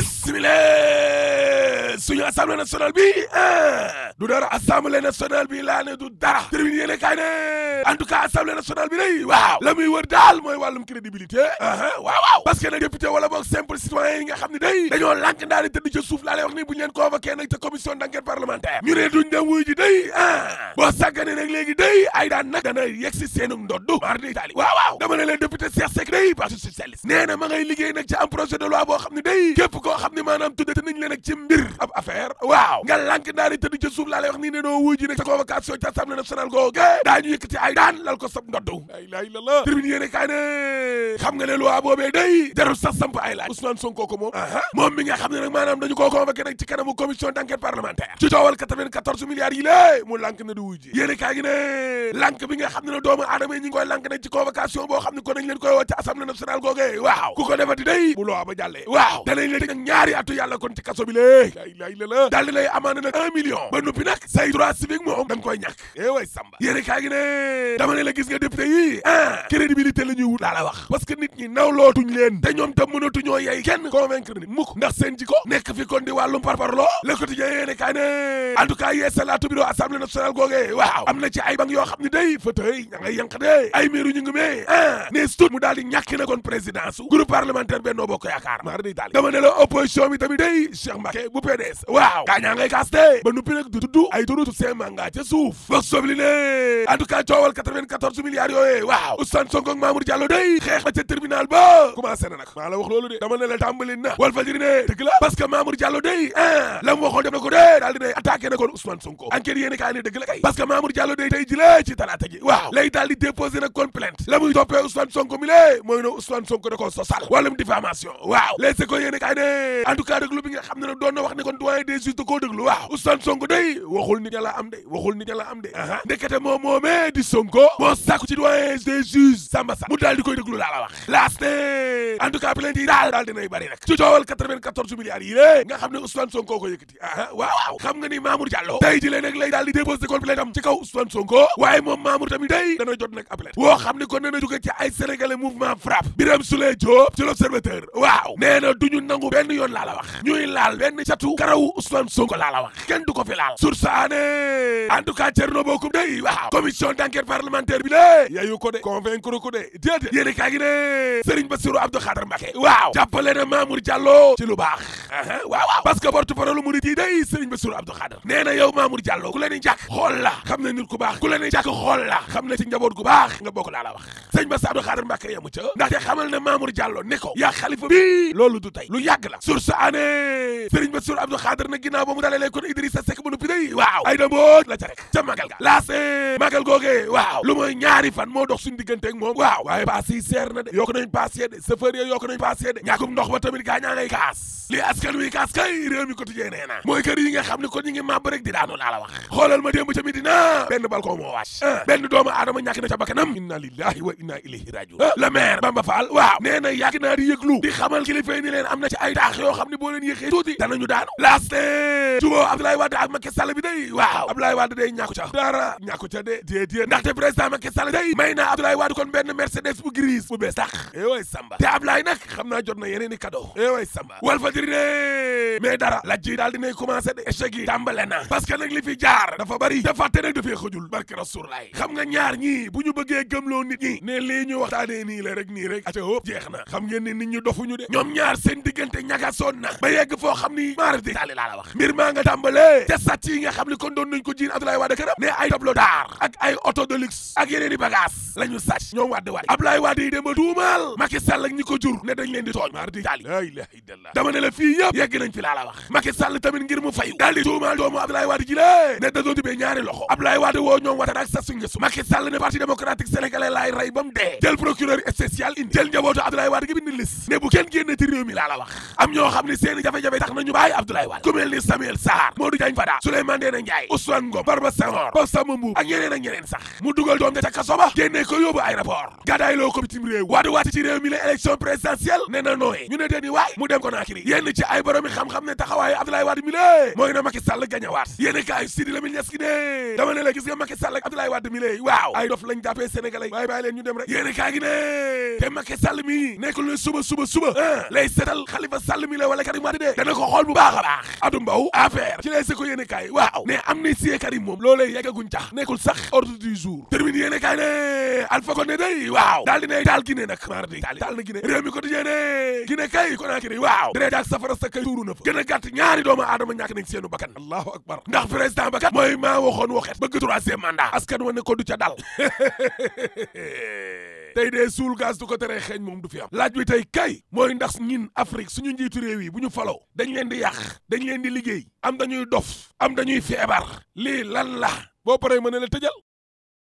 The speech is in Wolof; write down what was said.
bismillah suñu assemblée nationale bi eh, du dara assemblée nationale bi laa ne du dara termine ne en tout cas assemblée nationale bi day waaw la muy wër daal mooy wàllum crédibilité eh, eh, waaw waaw parce que nag député boog simple citoyen yi nga xam ne day dañoo lànk daal di tëdd ca suuf laa lay wax ni bu ñu leen convoqué nag te commission d'enquête parlementaire duñ dem wuy ji day ah boo sàggane nag léegi day day ay daan nag dana yegg si seenu ndoddu mardi itali waaw waaw dama nga lànk daal di tëdd ca suuf laa nii ne doo wuy ji nag sa convocation ci assemblée nationale daañu yëkkati ay daan lal ko sab ndoddu la la tribune yéene kaay ne xam nga ne loi boobee day jarul sax samp ay laaj Ousmane Sonko ko moom aha moom mi nga xam ne nag maanaam dañu koo convoqué nag ci kanamu commission d'enquête parlementaire ci coowal 94 milliards yi lée lank bi nga xam ne ne doomu aadama yi ñi ngi koy lank ne ci convocation boo xam ne ko nañ leen koy waaw ku ko defati day bu loi ba jàllee waaw danañ leen tëj ñaari atu yàlla kon ci kaso bi lée laay eh ah leen te ñoom tam mënatuñoo yey kenn convaincre nit mukk ndax seen jiko nekk fi kon di wàllum parparloo le quotidien yéene kaa ne en tout cas yeesalaatu bi doo assemblée nationale googee waaw am na ay bang yoo xam ne day fauteuil ña ngay yànq de ay meeru ñu mee ah nees mu daal di ñàkk kon présidence groupe parlementaire Benno Bokk Yaakaar maar day daal dama ne la opposition day Cheikh Mbacké bu PDS waaw gaa kaas de ba nuppi nag du tudd ay turu seen manga ca suuf wax sobli ne en tout cas coowal 94 milliards yooyee waaw Ousmane Sonko ak Mamour day xeex ba ca tribunal ba commencé na maa la wax loolu de dama ne la na Walf la ci talaata ji waaw lay daal di déposé nag kon plainte la muy toppee Ousmane Sonko mi lée mooy ne Ousmane Sonko da koo sosal wàllum diffamation waaw les écoles yéen kay ne en tout bi nga xam ne doon na wax ne kon doyen des juges da koo waaw Ousmane Sonko day waxul nit ña la am de waxul nit ña la am de aha ndekete moom moomee di Sonko moo sàkku ci doyen des juges Samba Sa mu daal di koy déglu laa la wax laas ne en tout daal daal di déposé kon plainte ci waaye moom Mamour tamit day dana jot nag appelé woo xam ni kon dana ci ay sénégalais mouvement frappe Birame Souleye Diop ci l'observateur waaw nee na duñu nangu benn yoon laa la wax ñuy laal benn catu karawu Ousmane Sonko laa la wax kenn du ko fi laal sur saane en tout cas Thierno day waaw commission d'enquête parlementaire bi lé yayu ko de convaincre ko de déedéet yéen kaa gi ne Serigne Bassirou Abdou Khadre Mbacké waaw jàppale na Mamour Diallo ci lu baax waaw waaw parce que porte-parole murid ne jàkk xool la xam ne ci njaboot gu baax nga bokk laa la wax sëñ Bass Abdou Khadre Mbacké yemu ca ndaxte xamal na Mamour Diallo ne ko yaa xalifa bi loolu du tey lu yàgg la sur sa année sëriñ Bass Abdou Khadre na ginnaaw ba mu kon Idrissa Seck ba noppi day waaw ay dambooj la ca rek ca magal ga laase magal googee waaw lu mooy ñaari fan moo dox suñu diggante ak moom waaw waaye paas yi seer na de yokk nañ paas yee de chauffeur yee yokk nañ paas yee de ñàkkum ba tamit gaa ñaa ngay kaas li waas benn doomu wa inna ilayhi rajiun le maire Bamba Fall waaw nee na yàgg naa di yëglu di xamal kilifa yi ni leen am na ci ay taax yoo xam ne boo leen yéexee tuuti danañu daanu laaste juboo Abdoulaye Wade ak Macky Sall bi day waaw Abdoulaye ca dara ñàkku ca de déedéet ndaxte président Macky Sall day may naa Abdoulaye Wade kon benn Mercedes bu grise bu bees tax eh way Samba te Abdoulaye nag xam naa jot na yeneen i cadeau eh way Samba Walfadjri ne mais dara laj ji daal dinay commencé de échec yi tàmbale na nag Mansourlaay xam nga ñaar ñii bu ñu bëggee gëmloo nit ñi ne lii ñu nii la rek nii rek ate hop jeex na xam ngeen nit ñu dofuñu de ñoom ñaar seen diggante ñagasoon na ba yegg foo xam ni maara di taali laa la wax mbir maa nga tàmbalee te sàcc yi nga xam ne kon doon ko jiin Abdoulaye Wade këram ne ay ak ay auto ak yeneen i bagage la ñu ñoom Wade Wade Abdoulaye Wade yi dem ba tuumaal Macky ñi ko jur ne dañ leen di tooñ maara di taali la fii yëpp yegg nañ fi laa la wax Ouattara ak Sassou ne parti démocratique sénégalais laay rey ba dee jël procureur spécial indi jël njabootu Abdoulaye Wade gi bind liste ne bu kenn génne ci réew mi laa la wax am ñoo xam ne seeni jafe-jafe tax nañu bàyyi Abdoulaye Wade ku mel ni Samuel Sarr Modou Diagne Fada Souleymane Ndéné Ndiaye Ousmane Ngom Barba Senghor Pape ak ñeneen ak ñeneen sax mu dugal doom ja ca kaso ba ko yóbbu aéroport gàddaay loo ko bitim réew waadu waati ci ci ay mi la gis nga Sall ak Abdoulaye Wade mi lay waaw ay dof lañ jàppee sénégalais waaye bàyyi leen ñu dem rek yéene kaa ngi te Macky Sall mi nekkul ne suba suba suba ah lay seetal Khalifa Sall mi la wala Karim Wade dee dana ko xool bu baax a baax Abdou Mbow affaire ci lay si ko yéene kaay waaw ne amnistie Karim moom loolee yeggaguñ tax nekkul sax ordre du jour termine yéene kaay ne Alpha Condé day waaw daal di ne daal Guinée nag mar di daal na Guinée réew mi quotidien ne kay Conakry waaw dere jaak safara sa kay tuuru na fa gën a gàtt ñaari doomu aadama ñàkk nañ seenu mandat askan wa ne ko du ca dal tey dee suul gaz du ko teree xeeñ moom du fi am laaj bi tey kay mooy ndax ñin Afrique suñu njiitu réew yi bu ñu faloo dañu leen di yàq dañu leen di liggéey am dañuy dof am dañuy feebar lii lan la boo paree mën na la tëjal